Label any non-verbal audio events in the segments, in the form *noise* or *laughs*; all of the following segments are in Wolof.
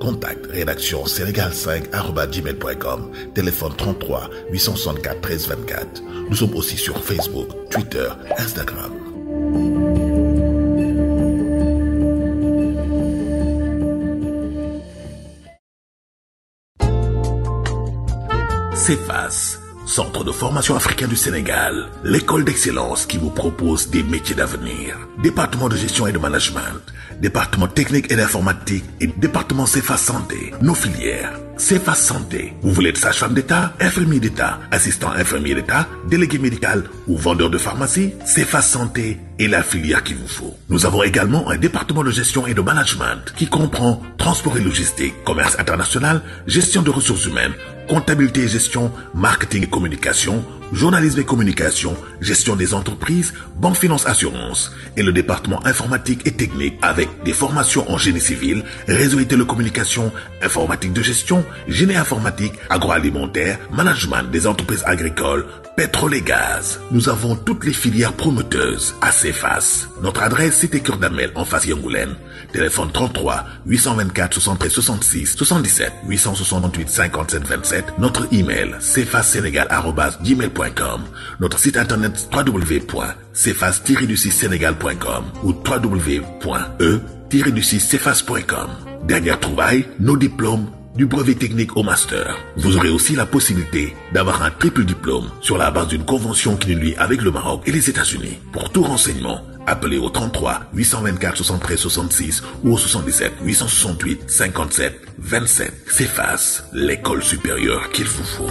Contact rédaction sénégal 5gmailcom téléphone 33 864 13 24. Nous sommes aussi sur Facebook, Twitter, Instagram. CEFAS, Centre de formation africain du Sénégal, l'école d'excellence qui vous propose des métiers d'avenir, département de gestion et de management département technique et informatique et département CFA Santé, nos filières. CFA Santé, vous voulez être sage-femme d'État, infirmier d'État, assistant infirmier d'État, délégué médical ou vendeur de pharmacie, CFA Santé est la filière qu'il vous faut. Nous avons également un département de gestion et de management qui comprend transport et logistique, commerce international, gestion de ressources humaines, comptabilité et gestion, marketing et communication, journalisme et communication, gestion des entreprises, banque finance assurance et le département informatique et technique avec des formations en génie civil, réseau et télécommunication, informatique de gestion, génie informatique, agroalimentaire, management des entreprises agricoles, pétrole et gaz. Nous avons toutes les filières promoteuses à CEFAS. Notre adresse, c'était Kurdamel en face Yangoulen. Téléphone 33 824 73 66 77 868 57 27. Notre email, cfassénégal.com notre site internet www.cefas-sénégal.com ou www.e-cefas.com. Dernière trouvaille, nos diplômes du brevet technique au master. Vous aurez aussi la possibilité d'avoir un triple diplôme sur la base d'une convention qui nous lie avec le Maroc et les États-Unis. Pour tout renseignement, appelez au 33 824 73 66 ou au 77 868 57 27. C'est l'école supérieure qu'il vous faut.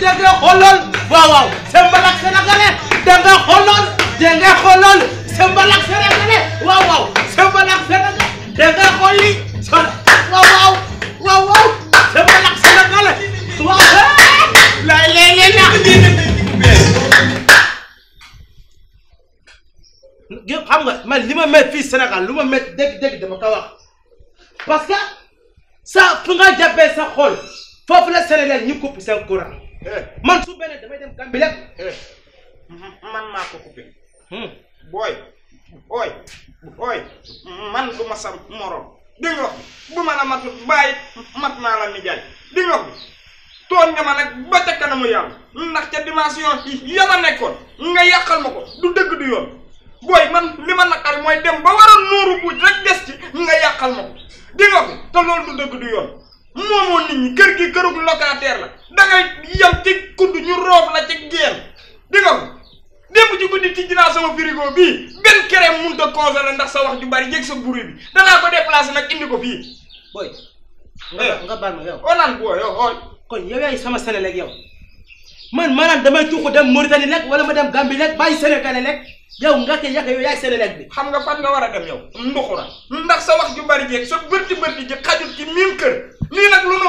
da nga xooloon waaw waaw Sembal ak Sénégalais da nga xooloon da nga xooloon Sembal ak Sénégalais waaw waaw Sembal ak Sénégalais da nga xooli waaw waaw waaw waaw Sembal waaw lay lay lay na xam nga man li ma met fii Sénégal lu ma met dégg-dégg dama ko wax parce sa fu nga jàppee sa foofu la Sénégal ñu coupé seen courant Eh. man su bene damay dem gambi lépp. Eh. man mako ko coupé. Hmm. boy boy boy man du ma sa morom. dingo bu mana la matut mat na la mi di dingo ton nga ma nak ba ca kanamu yàlla nak ca dimension yi yàlla ya nekkon nga yakal mako du deug du yoon boy man lima ma naqari dem ba waral nuru bu rek dess ci nga yakal mako dingo di lolou du deug du yoon momo nit ñi kër gi kërug locataire la da ngay yam ci kudd ñu roof la ci geen di nga démb ci guddi tijji naa sama frigo bi, benn crème mun ta congelé ndax sa wax ju bari yëg sa buri bi danaa ko déplacé nag indi ko fii boy nga eh. nga baal ma yow olaan oh boo yow xooy oh, oh. kon yow yaay sama Sénégal yow man maanaam damay tuuxu dem Mauritanie lekk wala ma dem Gambie lekk bàyyi Sénégal lekk yow nga ke yàq yow yaay Sénégal bi xam nga fan nga war a dem yow nduxura ndax sa wax ju bari jeeg sa bërti bërti ji xajut ci miim kër lii nag lu nu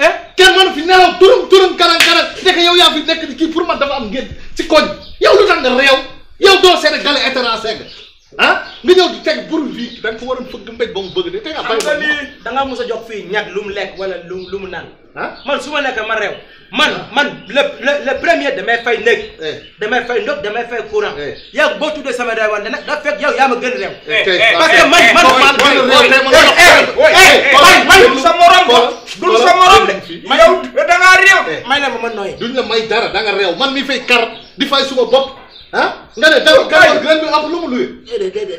eh kenn mënu fi nelaw turum turum karang karang nekk yow yaa fi nekk di kii pour man dafa am ngént ci koñ yow lu tax nga réew yow doo sénégalais étranger ah nga ñëw di teg bur bi da nga ko war a fëgg mbéj ba mu bëgg de te nga bàyyi ko da nga mos a jox fii ñag lu mu lekk wala lu lu mu naan ah man su ma ma réew man man le le le premier damay fay néeg damay fay ndox damay fay courant yow boo tuddee sama réew wante nag da fekk yow yaa ma gën réew parce que man man man man sa morom ko dul sa morom de yow da ngaa réew may na ma ma duñ la may dara da nga réew man mi fay kar di fay suma bopp ah nga ne taw gars yi gën bi am lu mu luy.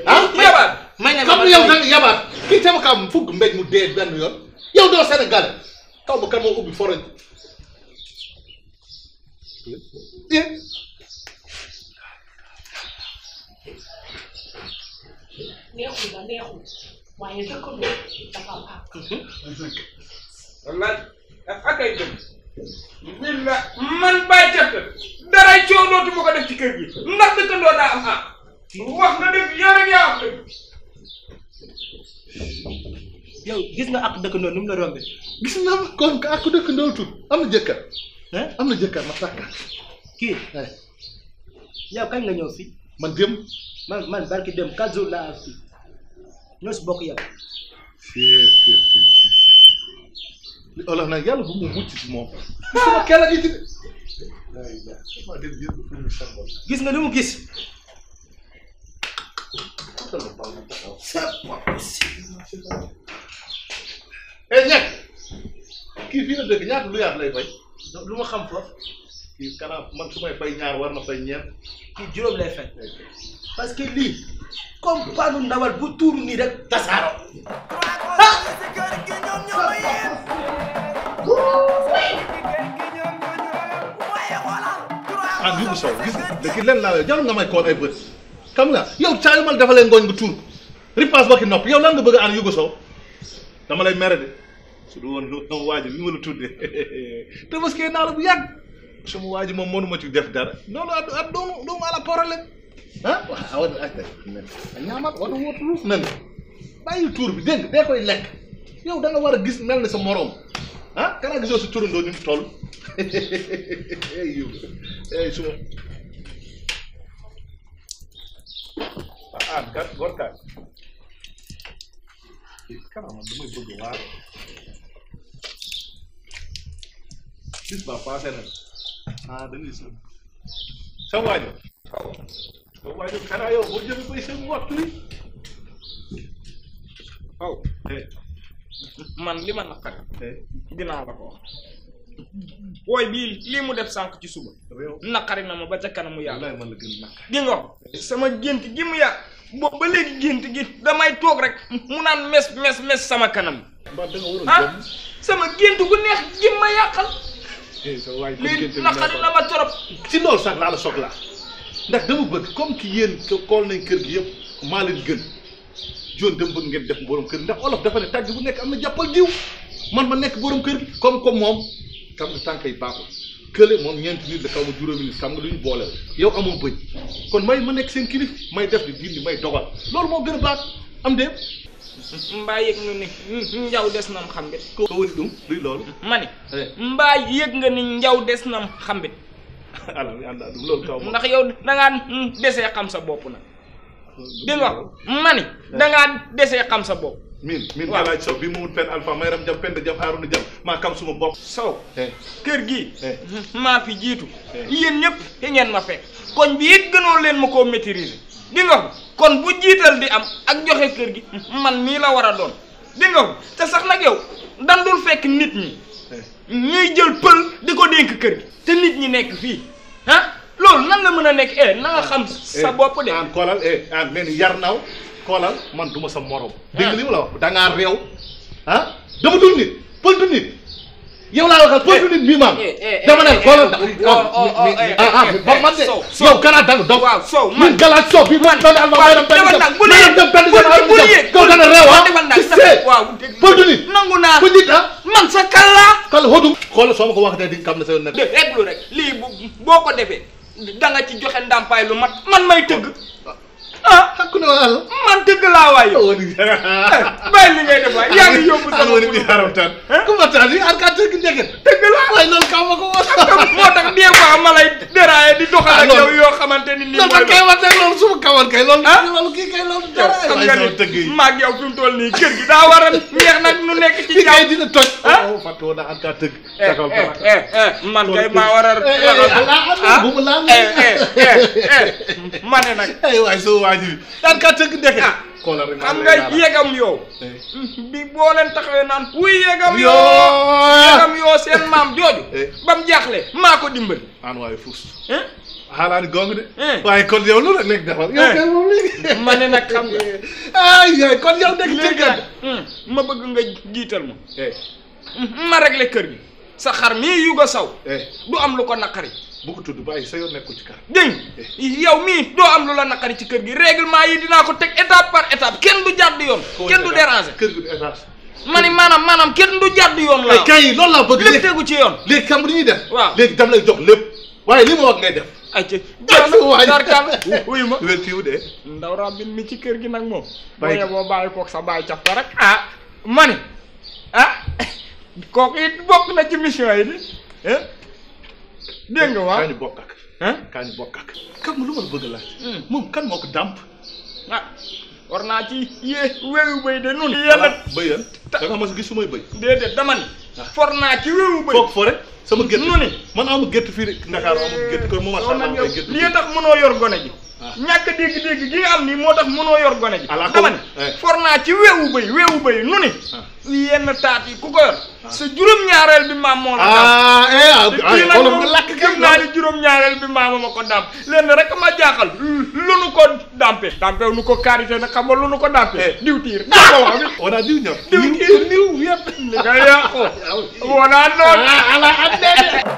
ah yabaat. may na ma yow nag yabaat kii tamit ka am fukk mbéj mu dee benn yoon yow doo Sénégal taw ba kan moo ubbi forage neexul ba neexul waaye dëkkandoo dafa am àq. wallaahi ak mhm. akay dëkk. la man baa jëkk. dara coow dootuma ko def ci kër gi ndax dëkkandoo daa am ah wax na dëgg yaa rek yaa am dëgg yow gis nga ak dëkkandoo num la rombe gis na ma kon ka ak dëkkandoo tut am na jëkkër hein am na jëkkër ma sàkka kii yow kañ nga ñëw fi man dem man man barki dem quatre jours laa am si ñoo si bokk yow si si nag yàlla bu mu mucc si moom ah! kela gi gis nga li mu gis. et eh, ñett kii fii la dëkk ñaata lu yaat lay fay lu ma xam trop kii kanam man su may fay ñaar war na fay ñeent. kii juróom lay fay. parce que lii comme panu ndawal bu tuuru nii rek tasaaro. ah. ah Ibou Sow gis nga léegi leen laa jarul nga may kool ay bët xam nga yow caa yu defalee ngooñ nga tuur ripaas ba ki nopp yow lan nga bëgg a ànd Ibou Sow dama lay mere de su du woon sama waa ji bi ma la tuddee te parce que naa la bu yàgg waa ji moom mënuma ci def dara loolu at at doomu doomu nen ñaamal wala wóotu tuur bi dégg dee koy lekk yow da nga war a gis mel ni sa moroom. Kan ah kanaa gisoo si turandoo ni mu toll yow suma ah eh. kat gorkaay kanaa man damay bëgg waar bis ba passé na ah da ngay sa waajo sa waajo kanaa yow boo jëmee bay sëb wattu li waaw man li ma naqar dinaa la ko wax booy bii lii mu def sànq ci suba naqari na ma ba ca kanamu yàlla man gën naqari di nga sama gént gi mu yàq boobu ba léegi gént gi damay toog rek mu naan mes mes mes sama kanam ah sama gént gu neex gi ma yàqal eh, lii naqari na ma torop si loolu sax laa la soxlaa ndax dama bëgg comme ki yéen kool nañ kër gi yëpp maa leen gën joon bëgg ngeen def mboolom kër ndax olof dafa ne tàgg bu nekk am na jàppal man ma nekk borom kër gi comme comme moom xam nga tànk yi baaxul kële moom ñeenti nit la xaw ma juróomi nit xam nga duñu boole yow amoo bëñ kon may ma nekk seen kilif may def di dindi may dogal loolu moo gën a baax am déet. mbaa yëg nga ni njaw des nam xambit ko woni ɗum luy loolu ma ni eh. mbaa yëg nga ni njaw des nam xambit *laughs* ala mi anda ɗum loolu kaw ndax yow dangaa desee xam sa bopp nag dégg nga ma eh. dangaa desee xam sa bopp min min alaaj sow bi mumut pen alpha may ram jam pend jam aaruna jam maa kam suma bopp sow eh. kër gi eh. maa fi jiitu eh. yéen ñëpp fi ngeen ma fekk koñ bi it leen ma koo maîtriser di nga kon bu jiital di am ak joxe kër gi man mii la war a doon di nga te sax nag yow dandul fekk nit ñi ñuy jël pël di ko dénk kër gi te nit ñi nekk fii ah loolu nan la mën a nekk e na nga ah. xam sa bopp de an ah, koolal an ah, mel ni yar naaw xoolal man du ma sa morom. Ah. dégg nga li ma la wax da ngaa réew ah dama dul nit pël nit. yow laa waxal pël nit bii maam. Eh, eh, eh, dama ne xoolal da oh, oh, ah ah man de yow galaat da nga doon. waaw soow man galaat soow bi man doon alma may dem benn jëm bu dee dem benn jëm bu dee kaw dana réew ah ci see pël nit. nangu naa pël nit ah man sa kala. kala hodum xoolal soo ma ko waxee di nga xam ne sa yoon nekk. dégg rek lii boo ko defee da nga ci joxe ndàmpaay lu mat man may tëgg. ah ku ne waa man dëgg laa waay. Eh, bàyyi li ngay def waay yaa ngi yóbbu sama bi haramtaan. Eh? ku ma taal yi alkaati gi nekk. dëgg la waaye loolu kaw ma ko woon. *laughs* moo tax des fois ma lay dérailler di doxal ak ah, yow yoo xamante ni. lii mooy loolu kay wax loolu su ma kawoon kay loolu. Ah? loolu kii kay loolu dérailler. xam nga ni maag yow fi mu toll nii kër gi daa war a neex nag nu nekk ci. jaww kay dina toj. ah waaw oh, fàttewoo na eh, alkaati gi. man kay maa war a. Ah, ah ah bu mu laal ma ne nag. *laughs* waajur daan kaa tëgg ndeke ah. xam nga yegam yow eh. bi boo leen taxawee naan wuy yegam yoo seen maam jooju eh. ba mu jaaxle maa ko dimbali eh. *laughs* ma ne nag xam nga hmm, ma bëgg nga jiital ma ma réglé kër gi sa xar mii yuga saw du am lu ko naqari bu ko tudd bàyyi sa yoon nekku ci kër. dégg yow mii doo am lu la naqari ci kër gi règlement yi dinaa ko teg étape par étape kenn du jàdd yoon. kenn du déranger kër gi du étage. ma ni maanaam maanaam kenn du jàdd yoon. laa kay yi loolu laa bëgg. lépp ci yoon léegi xam lu ñuy def. waaw léegi dam lay jox lépp waaye li ma wax def. ayca jaana tarkal wuyu ma wér de. ndaw rabin mi ci kër gi nag moom. bàyyi boo bàyyi kook sa baay caf ko rek ah ma ni ah, *laughs* it bokk na ci mission yi de eh? dégg nga waaw kaay ñu bokk ak. ah kaay ñu lu ma la bëgg hmm. laaj. moom kan moo ko dàmp. ah war naa ci yee weewu béy de nun yàlla béyal da nga mas gis su may béy. déedéet dama ni. Ah. for naa ci weewu béy. foog fore sama gétt. nu ni man amu gétt fii Ndakaaru amu gétt kër mu ma. li tax mënoo yor gone ji. ñàkk a dégg-dégg gi nga am moo tax mënoo yor gone ji dama ne eh. for naa ci weewu bëy weewu bëy nu ni ah. yenn taat ku ko yor sa juróom-ñaareel bi maam moo la dam ah, kii eh, ah, nag moom lakk gëm naa ma ko damp lenn rek ma jaaxal lu nu ko dampe dampe nu ko karité nag xam nga lu nu ko dampe eh. diw tiir da ko wax on a diw ñor diw tiir diw yëpp nga yàqu wonaa noonu ala am